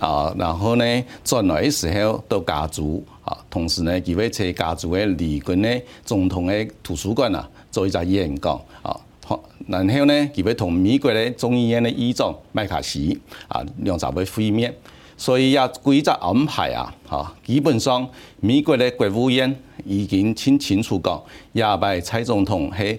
啊，然後呢，轉來嘅時候到加州啊，同時呢，給我在加州的離羣嘅總統嘅圖書館啊做一隻演講啊，然後呢，給我同美國的眾議院嘅議長麥卡錫啊兩隻人會面，所以要規則安排啊嚇，基本上美國的國務院已經清清楚楚講，要把蔡總統喺。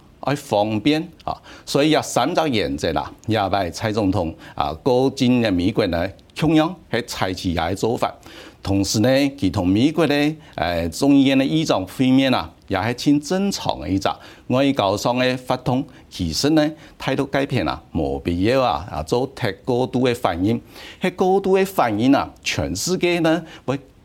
愛、啊、方便啊，所以要三隻原則，啦，也拜蔡總統啊，過境的美國咧，中央係採取一啲做法，同時呢，佢同美國的誒眾議、呃、院的議長會面啦、啊，也係先正常嘅一隻，外交上的發動，其實呢態度改變、啊，啦，冇必要啊，做太過度的反應，係過度的反應，啊，全世界呢。會。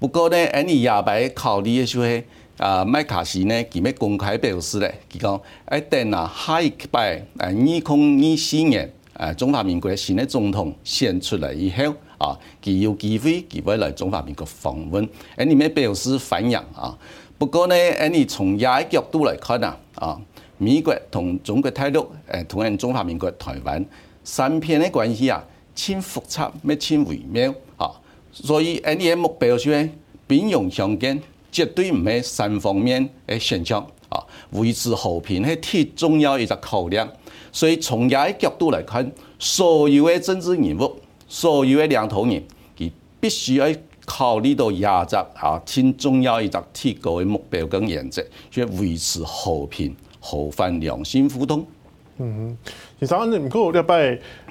不過咧，n 你下排考慮嘅時候係，啊麥卡錫咧，佢咪公開表示咧，佢講一定啊下一排誒二零二四年誒中華民國的新嘅總統選出來以後，啊其有機會佢會來中華民國訪問，n 你咪表示歡迎啊。不過咧，誒你從亞嘅角度來看啊，啊美國同中國大陸誒同埋中華民國台灣三邊嘅關係啊，簽複雜，咪簽微妙啊。所以你 a m 目標誒，兵戎相見絕對唔係三方面嘅現象。啊！維持和平係鐵重要一個考量。所以從嘢角度來看，所有嘅政治人物，所有嘅領頭人，佢必須要考慮到壓制啊，聽中要一個鐵高個目標跟原則，去維持和平、和平良心互動。嗯，其實我哋過，我入拜。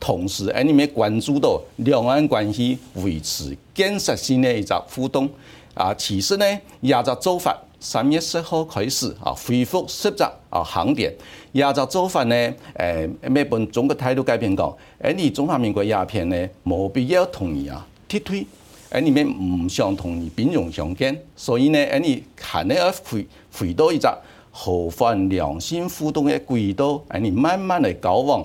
同時，哎，你們關注到兩岸關係維持建設性的一隻互動啊，其實呢，亞洲做法，三月十號開始啊，恢復十隻啊航點，亞洲做法呢，誒，美本中國態度改變講，哎，中華民國鴉片呢，冇必要同意啊，撤退，哎，你們唔想同意兵戎相見，所以呢，哎，可能要回回到一隻和平良性互動嘅軌道，哎，慢慢嚟交往。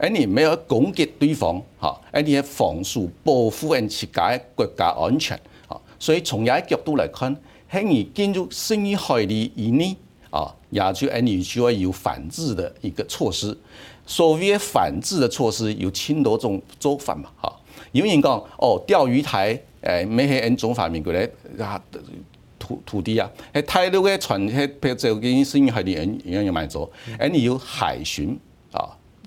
誒你未去攻擊對方嚇，誒你係防禦、保護誒自己國家安全，所以從也角度來看，喺你進入深海嘅，呢，啊，也就誒你就要有反制的一個措施。所謂的反制的措施有千多種做法嘛，嚇？有人講哦，釣魚台誒，咪係誒中華民國咧土土地啊，喺台灣的船喺就已經深入海底，然然就買咗，誒你有海巡啊！